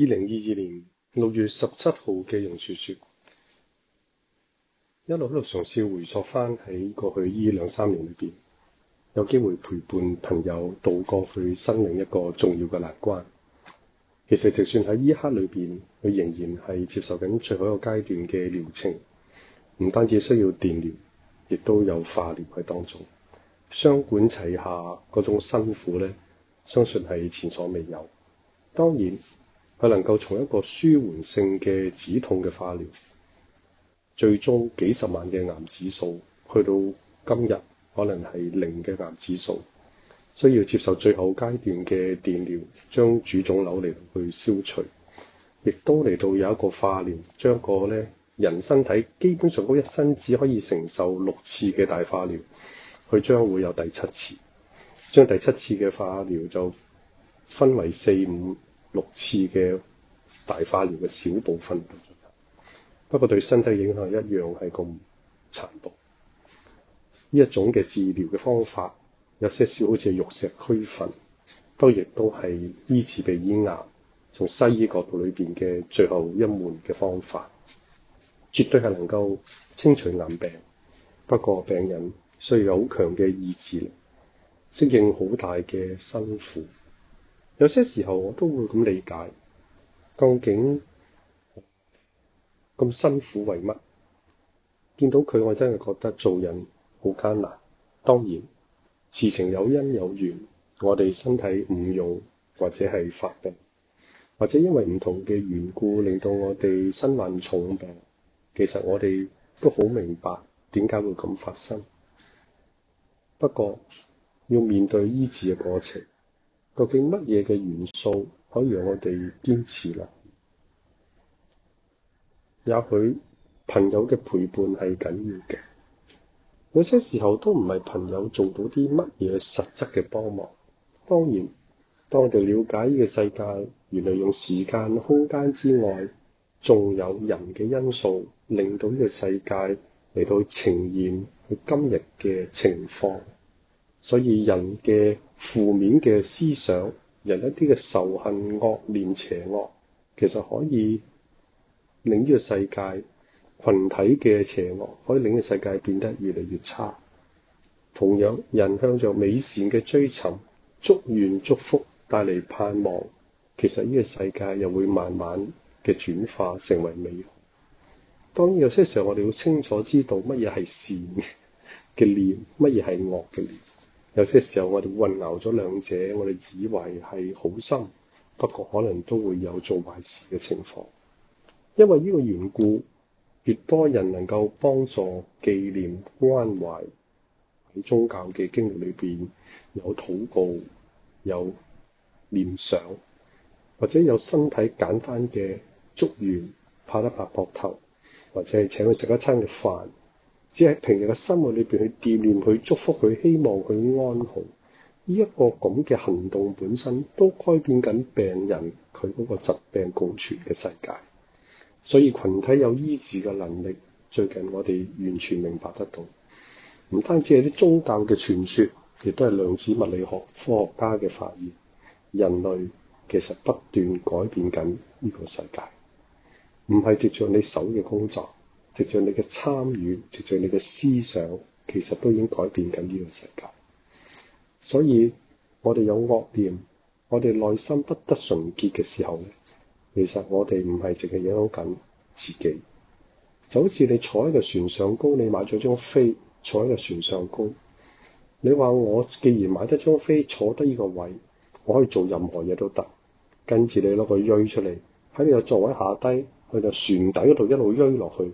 二零二二年六月十七號嘅榕樹説：一路一路嘗試回溯翻喺過去呢兩三年裏邊，有機會陪伴朋友渡過佢生命一個重要嘅難關。其實，就算喺呢刻裏邊，佢仍然係接受緊最後一個階段嘅療程，唔單止需要電療，亦都有化療喺當中，雙管齊下嗰種辛苦咧，相信係前所未有。當然。佢能夠從一個舒緩性嘅止痛嘅化療，最終幾十萬嘅癌指數，去到今日可能係零嘅癌指數，需要接受最後階段嘅電療，將主腫瘤嚟去消除，亦都嚟到有一個化療，將個咧人身體基本上嗰一生只可以承受六次嘅大化療，佢將會有第七次，將第七次嘅化療就分為四五、六次嘅大化療嘅小部分，不過對身體影響一樣係咁殘暴。呢一種嘅治療嘅方法，有些少好似玉石俱焚，都亦都係醫治鼻咽癌從西醫角度裏邊嘅最後一門嘅方法，絕對係能夠清除癌病。不過病人需要有好強嘅意志力，適應好大嘅辛苦。有些時候我都會咁理解，究竟咁辛苦為乜？見到佢，我真係覺得做人好艱難。當然，事情有因有緣，我哋身體唔用或者係發病，或者因為唔同嘅緣故，令到我哋身患重病。其實我哋都好明白點解會咁發生，不過要面對醫治嘅過程。究竟乜嘢嘅元素可以讓我哋堅持啦？也許朋友嘅陪伴係緊要嘅，有些時候都唔係朋友做到啲乜嘢實質嘅幫忙。當然，當我哋了解呢個世界，原來用時間、空間之外，仲有人嘅因素，令到呢個世界嚟到呈現佢今日嘅情況。所以人嘅負面嘅思想，人一啲嘅仇恨、惡念、邪惡，其實可以令呢個世界群體嘅邪惡，可以令個世界變得越嚟越差。同樣，人向著美善嘅追尋、祝願、祝福，帶嚟盼望，其實呢個世界又會慢慢嘅轉化成為美好。當然，有些時候我哋好清楚知道乜嘢係善嘅念，乜嘢係惡嘅念。有些時候我哋混淆咗兩者，我哋以為係好心，不過可能都會有做壞事嘅情況。因為呢個緣故，越多人能夠幫助、紀念、關懷喺宗教嘅經歷裏邊，有禱告、有念想，或者有身體簡單嘅祝願、拍一拍膊頭，或者係請佢食一餐嘅飯。只係平日嘅生活裏邊去惦念佢、祝福佢、希望佢安好，呢一個咁嘅行動本身都改變緊病人佢嗰個疾病共存嘅世界。所以群體有醫治嘅能力，最近我哋完全明白得到，唔單止係啲宗教嘅傳説，亦都係量子物理學科學家嘅發現。人類其實不斷改變緊呢個世界，唔係藉著你手嘅工作。直至你嘅參與，直至你嘅思想，其實都已經改變緊呢個世界。所以我哋有惡念，我哋內心不得純潔嘅時候咧，其實我哋唔係淨係影響緊自己，就好似你坐喺個船上高，你買咗張飛坐喺個船上高。你話我既然買得張飛坐得呢個位，我可以做任何嘢都得。跟住你攞個鋸出嚟喺你個座位下低，去到船底嗰度一路鋸落去。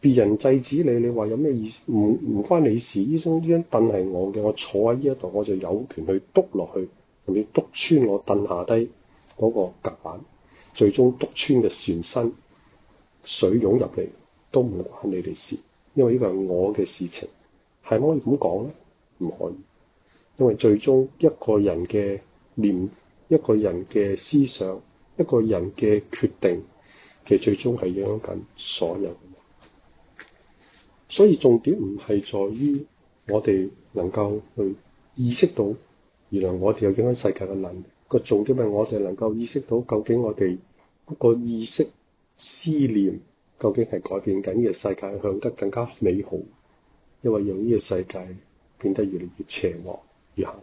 別人制止你，你話有咩意思？唔唔關你事。依張呢張凳係我嘅，我坐喺呢一度，我就有權去督落去，甚至督穿我凳下低嗰個夾板，最終督穿嘅船身水湧入嚟都唔關你哋事，因為呢個係我嘅事情，係咪可以咁講咧？唔可以，因為最終一個人嘅念、一個人嘅思想、一個人嘅決定其實最終係影響緊所有。所以重點唔係在於我哋能夠去意識到，原來我哋有影響世界嘅能力。個重點係我哋能夠意識到，究竟我哋嗰個意識思念究竟係改變緊呢個世界，向得更加美好，抑或讓呢個世界變得越嚟越邪惡、越行。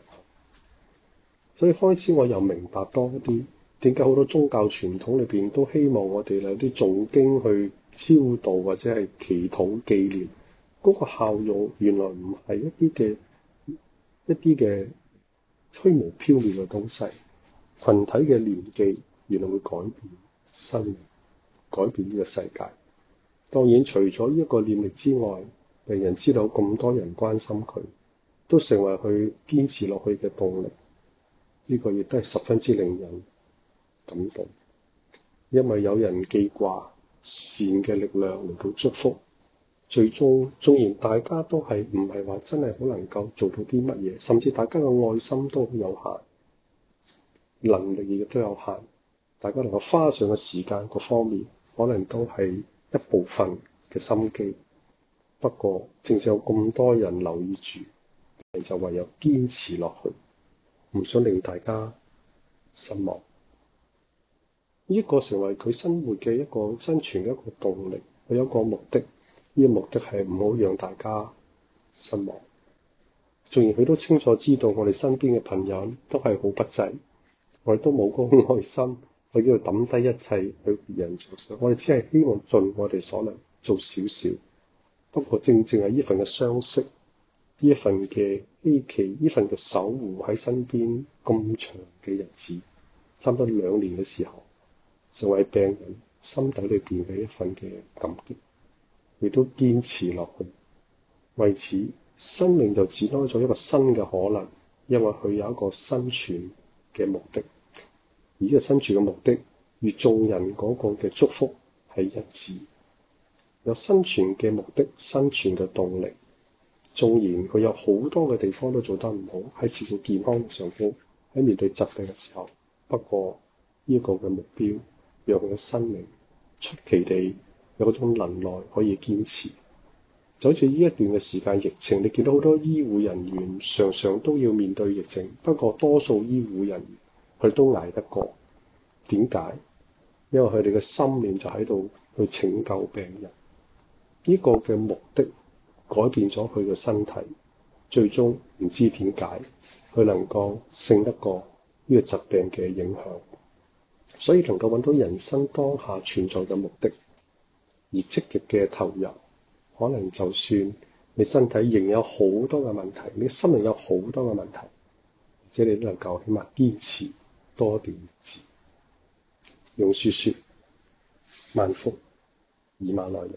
所以開始我又明白多啲，點解好多宗教傳統裏邊都希望我哋有啲誦經去超度或者係祈禱、紀念。嗰個效用原來唔係一啲嘅一啲嘅虛無縹緲嘅東西，群體嘅念記原來會改變生命，改變呢個世界。當然，除咗呢一個念力之外，令人知道咁多人關心佢，都成為佢堅持落去嘅動力。呢、這個亦都係十分之令人感動，因為有人記掛善嘅力量嚟到祝福。最終，縱然大家都係唔係話真係好能夠做到啲乜嘢，甚至大家嘅愛心都好有限，能力亦都有限，大家能夠花上嘅時間各方面，可能都係一部分嘅心機。不過，正正有咁多人留意住，就唯有堅持落去，唔想令大家失望。呢一個成為佢生活嘅一個生存嘅一個動力，佢有一個目的。呢個目的係唔好讓大家失望。雖然佢都清楚知道我哋身邊嘅朋友都係好不濟，我哋都冇嗰個愛心去要抌低一切去別人做。我哋只係希望盡我哋所能做少少。不過，正正係呢份嘅相識，呢一份嘅希冀，呢份嘅守護喺身邊咁長嘅日子，差唔多兩年嘅時候，作為病人心底裏邊嘅一份嘅感激。亦都堅持落去，為此生命就展開咗一個新嘅可能，因為佢有一個生存嘅目的，而呢個生存嘅目的與眾人嗰個嘅祝福係一致。有生存嘅目的，生存嘅動力。縱然佢有好多嘅地方都做得唔好，喺照顧健康嘅上邊，喺面對疾病嘅時候，不過呢個嘅目標，讓佢嘅生命出奇地。有嗰種能耐可以堅持，就好似呢一段嘅時間疫情，你見到好多醫護人員，常常都要面對疫情。不過多數醫護人員佢都捱得過，點解？因為佢哋嘅心念就喺度去拯救病人，呢個嘅目的改變咗佢嘅身體，最終唔知點解佢能夠勝得過呢個疾病嘅影響，所以能夠揾到人生當下存在嘅目的。而積極嘅投入，可能就算你身體仍有好多嘅問題，你嘅心靈有好多嘅問題，即係你都能夠起碼堅持多啲日子，用説説萬福，以馬內利。